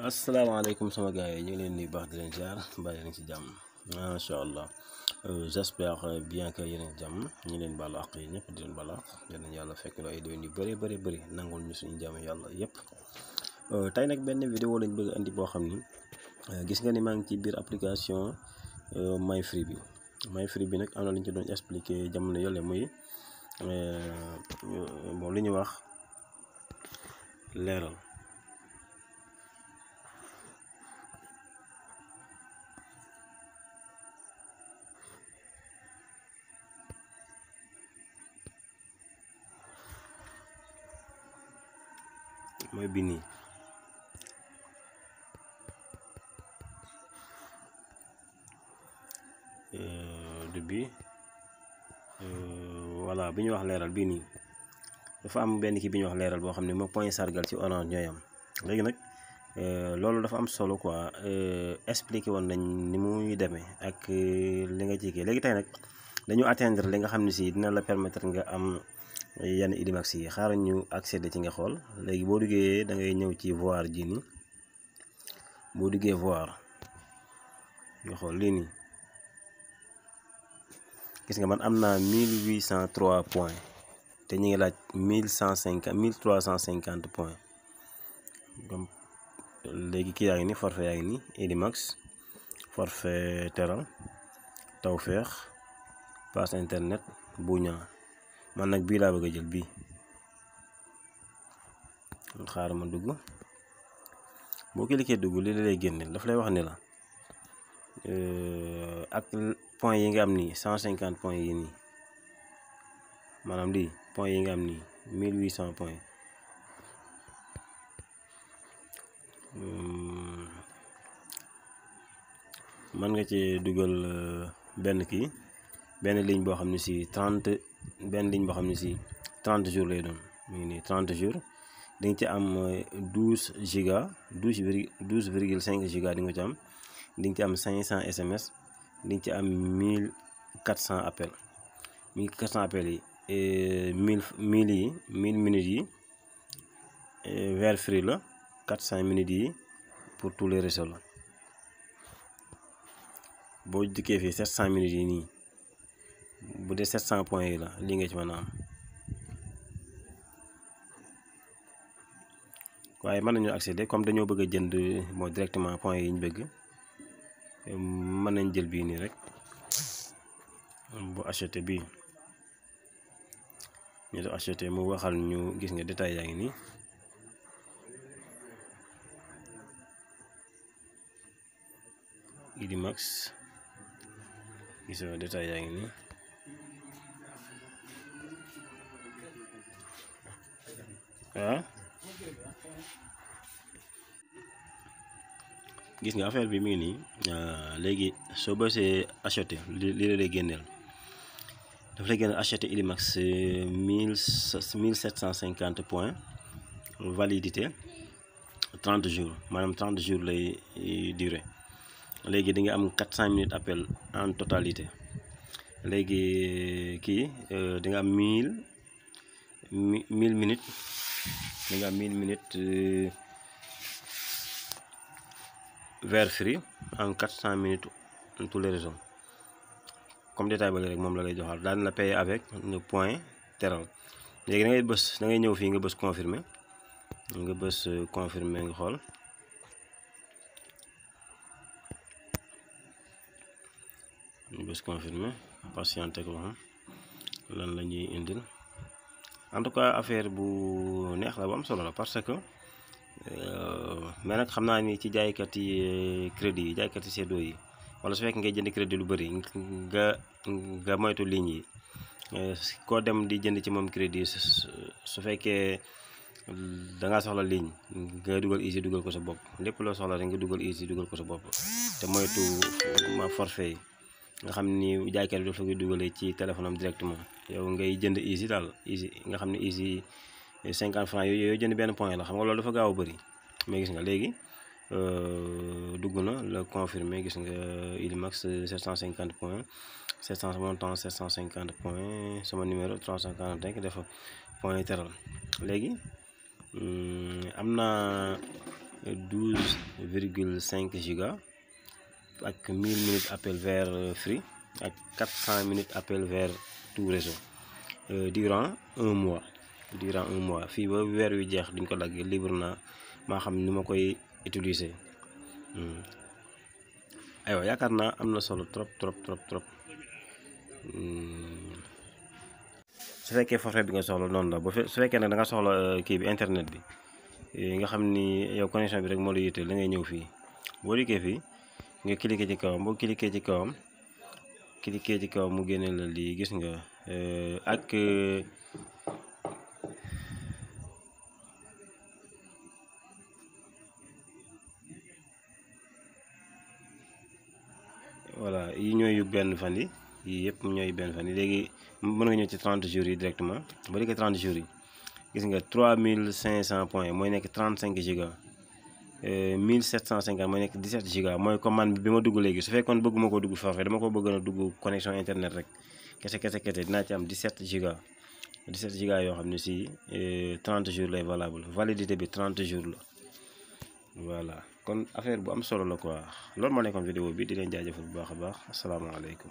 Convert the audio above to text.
asalaamaaleykum sama gars yi ñu ngi leen di baax di leen jaar bàyyi leen ci jàmm macha allah euh, j'espère bien que yéen a jàmm ñu leen baal àq yi ñëpp di leen baal àq yéen yàlla fekk loo ay déwén yu bëri bëri bëri nangul ñu suñu jàmm yàlla yëpp. Euh, tey nag benn vidéo lañ bëgg indi boo xam ni euh, gis nga ni maa ngi ci biir application MyFree bi MyFree bi nag am na lu ñu ci doon expliqué jamono yële muy bon li ñu wax leeral. mooy bi nii euh, du bi euh, voilà bi ñuy wax leeral bii nii dafa am benn ki bi ñuy wax leeral boo xam ne moo point sargal ci orange ñooy am léegi nag euh, loolu dafa am solo quoi expliqué woon nañ ni muy demee ak li nga jigee léegi tey nag dañu atteindre li nga xam ne si dina la permettre nga am yenn Idimax yi xaaral ñu accéder ci nga xool léegi boo duggee da ngay ñëw ci voir ji ni boo duggee voir nga xool lii nii gis nga man am naa cent 1803 point te ñu ngi laaj mille cent 1150 1350 points donc léegi kii yaa ngi ni forfait yaa ngi ni Idimax forfait Teral Tawfekh pass internet Buña man nag bii laa bëgg a jël bii xaaral ma dugg boo cliquer dugg li la lay génneel daf lay wax ni la euh, ak point yi nga am nii cent cinquante point yi nii maanaam lii point yi nga am nii mille huit cent point hmm. mën nga ci dugal euh, benn kii benn ligne boo xam ne si trente benn ligne boo xam ne si 30 jours lay doon mu ngi nii 30 jours di ci am 12 euh, giga 12 virgule virgule 5 giga di nga ci am di nga ci am 500 SMS di nga ci am 1400 cent 1400 appels yi 1000 1000 yi 1000 minutes yi vers free la cent minutes yi pour tout les réseaux la boo dikkee fii 700 minutes yi nii. bu dee 700 point yi la lii nga ci mën am waaye mën nañu accéder comme dañoo bëgg a jënd moo directement points yi ñu bëgg mën nañ jël bii nii rek bu acheter bii ñu def acheter mu waxal ñu gis nga détail yaa ngi nii Idimax max nga détail yaa ngi nii gis nga affaire bi mi ngi nii euh, léegi soo bësee acheté lii la lay génneel daf lay génneel acheté Ilimax euh, mille mille sept cent cinquante point validité trente jours maanaam trente jours lay euh, durer léegi di nga am quatre cent minutes appel en totalité léegi kii di nga am mille mille minutes mi nga mille minutes euh, vers free en quatre cent minutes tous les régions comme détail ba rek moom la lay joxal daal na payer avec le point Teral léegi da ngay bës da ngay ñëw fii nga bës confirmé nga bës euh, confirmé nga xool nga bës confirmé patiente ko xam lan la ñuy indil en tout cas affaire bu neex la bu solo la parce que euh, mais nag xam naa ni ci jaaykat yi euh, crédit yi jaaykat yi seddoo yi wala su fekk ngay jënd crédit lu bëri nga nga moytu ligne yi euh, koo dem di jënd ci moom crédit su fekkee da ngaa soxla ligne nga dugal easy dugal ko sa bopp lépp loo soxla rek nga dugal easy dugal ko sa bopp te moytu ma yi nga xam ni jaaykat bi dafa koy dugalee ci téléphone am directement yow ngay jënd easy daal easy nga xam ne isi cinquante franc yooyu yooyu jënd benn point la xam nga loolu dafa gaaw a bëri gis nga léegi euh, dugg na la confirmé gis nga euh, Ilimax 750 point 700 montant 750 point sama numéro 345 dafa point teral léegi hmm, am na 12 virgule ak 1000 minutes appel vers euh, free ak 400 minutes appel vers tout réseau euh, durant un mois durant un mois fii ba weer wi jeex duñ ko daggee libre na maa xam ni ma koy utiliser hmm. aywa yaakaar naa am na solo trop trop trop trop hmm. su fekkee forfait bi nga soxla noonu la bu su fekkee nag da nga soxla euh, kii bi internet bi nga xam ni yow connexion bi rek moo la yitte la ngay ñëw fii boo dikkee fii nga cliquer ci kawam boo ci kawam cliquer ci kawam mu génne la lii gis nga euh, ak euh, voilà yi ñooy benn fan yi yii yëpp ñooy benn fan léegi mën nga ñëw ci 30 jours yi directement ba léegi 30 jours yi gis nga cent points mooy nekk 35 giga 1750 euh, mooy nekk 17 giga mooy commande bi ma dugg léegi su fekkoon bëgguma ko dugg forfait dama ko bëggoon a dugg connexion internet rek kese kese kese dinaa ci am 17 giga 17 giga yoo xam ne si 30 euh, jours lay valable validité bi 30 jours la voilà kon affaire bu am solo la quoi loolu moo nekkoon vidéo bi di leen jaajëfal bu baax a baax asalaamaaleykum.